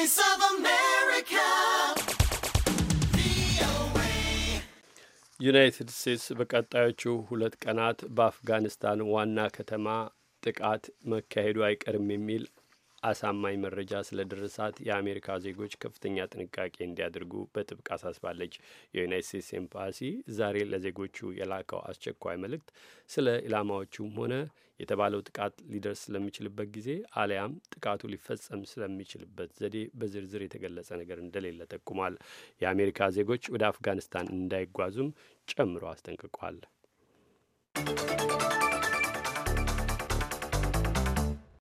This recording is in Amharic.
Voice of America. ዩናይትድ ስቴትስ በቀጣዮቹ ሁለት ቀናት በአፍጋኒስታን ዋና ከተማ ጥቃት መካሄዱ አይቀርም የሚል አሳማኝ መረጃ ስለ ድርሳት የአሜሪካ ዜጎች ከፍተኛ ጥንቃቄ እንዲያደርጉ በጥብቅ አሳስባለች። የዩናይት ስቴትስ ኤምባሲ ዛሬ ለዜጎቹ የላከው አስቸኳይ መልእክት ስለ ኢላማዎቹም ሆነ የተባለው ጥቃት ሊደርስ ስለሚችልበት ጊዜ አሊያም ጥቃቱ ሊፈጸም ስለሚችልበት ዘዴ በዝርዝር የተገለጸ ነገር እንደሌለ ጠቁሟል። የአሜሪካ ዜጎች ወደ አፍጋኒስታን እንዳይጓዙም ጨምሮ አስጠንቅቋል።